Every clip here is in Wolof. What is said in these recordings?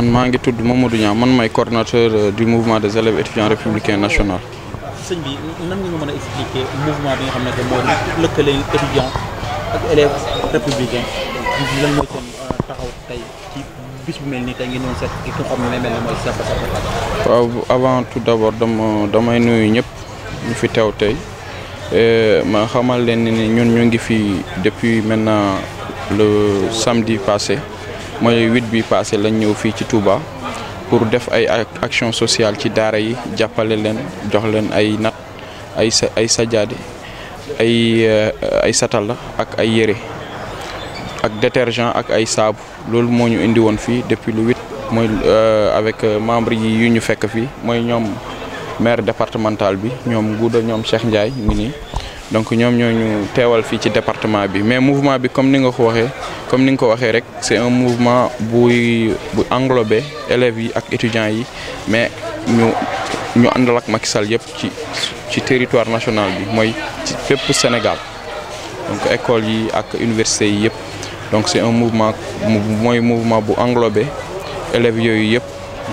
man maa ngi tudd Mamadou Niang man may coordinateur euh, du mouvement des élèves étudiants républicains national. sëñ bi nan nga mëna expliquer mouvement bi nga xamné mo mooy lëkkale étudiants ak élèves républicains lan mooy seen euh, taxaw tay ci bis bu melni tay ngi non doon seet ki nga xam ne mel na mooy Sapa Sapa. avant tout d'abord dama damay nuyu ñëpp ñu fi teew tey euh, ma xamal leen ni ñun ñu ngi fi depuis maintenant le samedi passé. mooy huit bi passé lañ ñëw fii ci Touba pour def ay action sociale ci daara yi jàppale leen jox leen ay nat ay sa ay sajaade ay euh, ay satala ak ay yére ak détergent ak ay saabu loolu moo ñu indi woon fii depuis le huit mooy euh, avec euh, membre yi yu ñu fekk fii mooy ñoom maire départemental bi ñoom Gouda ñoom Cheikh Ndiaye ngi nii donc ñom ñoo ñu téwal fi ci département bi mais mouvement bi comme ni nga ko waxé comme ni nga ko waxé rek c'est un mouvement bu bu englobé élèves yi ak étudiants yi mais ñu ñu andal ak Macky Sall yëpp ci ci territoire national bi moy ci fépp Sénégal donc école yi ak université yi yëpp donc c'est un mouvement moy mouvement bu englobé élèves yoyu yëpp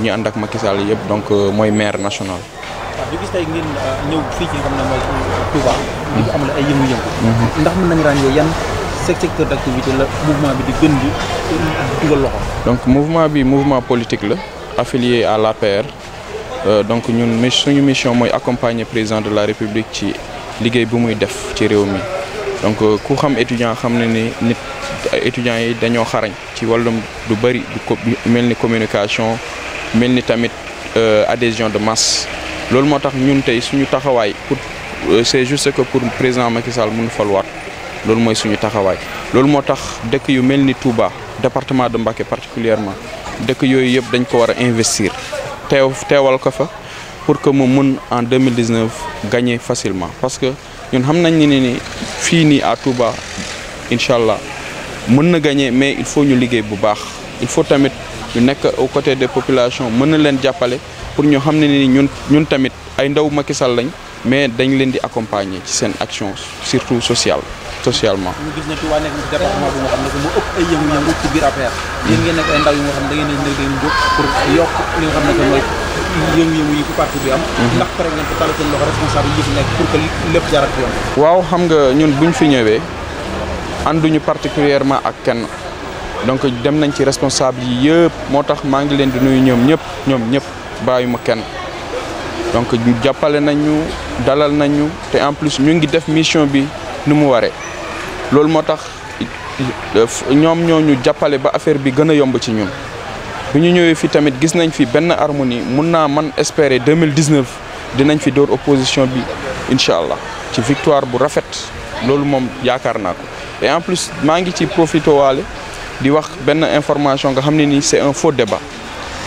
ñu ànd ak Macky Sall yëpp donc euh, moy maire national waaw ñu gis tey ngeen euh, ñëw fii ci nga xam ne mooy Touba. di ko amal ay yëngu-yëngu. Mhm. ndax mën nañu ràññee yan secteur d'activité la mouvement bi di gën di dugal loxo. donc mouvement bi mouvement politique la affilié à la l'APR euh, donc ñun suñu mission mooy accompagner président de la République ci liggéey bu muy def ci réew mi donc euh, ku xam étudiant xam ne ni nit étudiants yi dañoo xarañ ci wàllum du bëri du mel ni communication mel ni tamit adhésion de masse lolu motax ñun tay suñu taxaway euh, c'est juste que pour président Macky Sall mun faluwaat lolu moy suñu taxaway lolu motax dekk yu melni Touba département de Mbacké particulièrement dekk yooyu yëpp dañ ko wara investir téw téwal ko fa pour que mo mun en 2019 gagner facilement parce que ñun xam nañ ni ni fii à Touba inshallah allah mën na gagner mais il faut ñu liggéey bu baax il faut tamit ñu nek aux côtés des populations mën na leen jappalé pour ñu xamné ni ñun ñun tamit ay ndaw Macky Sall lañ mais dañ leen di accompagner ci seen action surtout social socialement. ñu gis ne Touba nek ci département bu nga xamné mo upp ay yëngu-yëngu ci biir affaire ñu ngi nek ay ndaw yu nga xamné da ngeen di ñu jox pour yok li nga xamné moy yëngu-yëngu yi fi parti bi am. Mhm. ndax par exemple tal seen loxo responsable yi fi pour que lepp jarat yoon. waaw xam nga ñun buñ fi ñëwee ànduñu particulièrement ak kenn donc dem nañ ci responsable yi yëpp motax ma ngi leen di nuyu ñom ñëpp ñom ñëpp donc nous nañ dalal en plus ñu ngi def mission bi ni mu waré. Lool motax ba affaire bi Nous yomb ci ñun. bu ñu fi harmonie mëna man espérer 2019 dinañ fi door opposition bi Inshallah, ci victoire bu rafet lool et en plus ma ngi ci di wax information nga c'est un faux débat.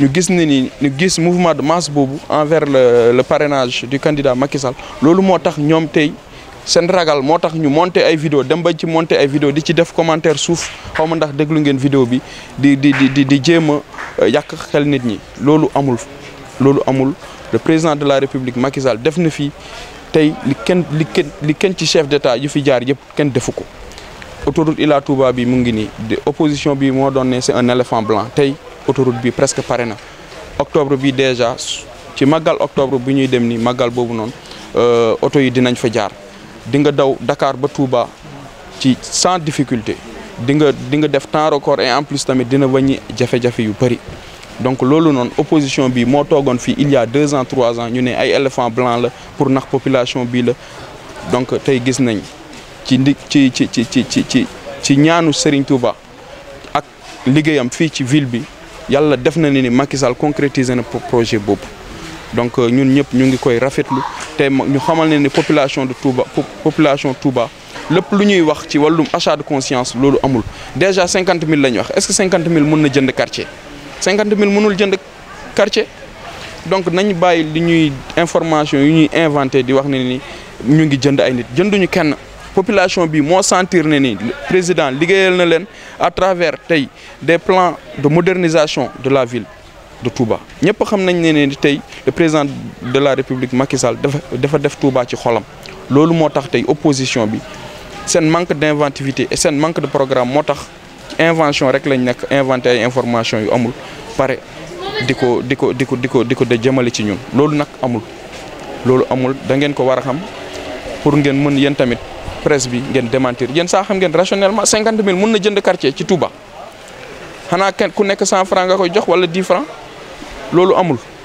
ñu gis ne ni ñu gis mouvement de masse boobu envers le le parrainage du candidat Macky Sall loolu moo tax ñoom tey seen ragal moo tax ñu monter ay vidéo dem ba ci monter ay vidéo di ci def commentaire suuf xaw ma ndax déglu ngeen vidéo bi di di di di jéem a euh, yàq xel nit ñi loolu amul loolu amul le président de la république Macky Sall def na fi tay li ken li ken li kenn ci chef d'état yu fi jaar yep ken defuko ko autoroute Ila Touba bi mu ngi ni de opposition bi mo donné c'est un éléphant blanc tay autoroute bi presque pare na octobre bi déjà ci màggal octobre bu ñuy dem ni màggal boobu noonu euh, oto yi dinañ fa jaar di nga daw dakaar ba Touba ci sans difficulté di nga di nga def temps record et en tamit dina wàññi jafe-jafe yu bëri donc loolu noonu opposition bi moo toogoon fii il y deux ans trois ans ñu ne ay éléphant blanc la pour nax population bii la donc tey gis nañ ci ndi ci ci ci ci ci ci ñaanu Serigne Touba ak liggéeyam fii ci ville bi yalla def na ni Macky Sall concrétiser projet donc euh, ñun ñep ñu ngi koy rafetlu té ñu xamal population de Touba population Touba nous lu ñuy wax achat de conscience déjà 50 000, est-ce que 50 000 mën na jënd quartier jënd quartier donc nous avons li ñuy information yu ñuy inventé di wax population bi mo sentir né ni président ligéyal na len à travers tey des plans de modernisation de la ville de Touba ñepp xam nañ né ni tay le président de la République Macky Sall dafa dafa def Touba ci xolam lolu motax tay tey opposition bi sen manque d'inventivité et sen manque de programme motax invention rek lañ nek inventé information yu amul paré diko diko diko diko di de jëmale ci ñun lolu nak amul lolu amul da ngeen ko wara xam pour ngeen mën yeen tamit presse bi ngeen démentir yéen saa xam ngeen rationnellement cinquante mille mun na jënd quartier ci Touba xanaa kenn ku nekk cent franc nga koy jox wala dix franc loolu amul.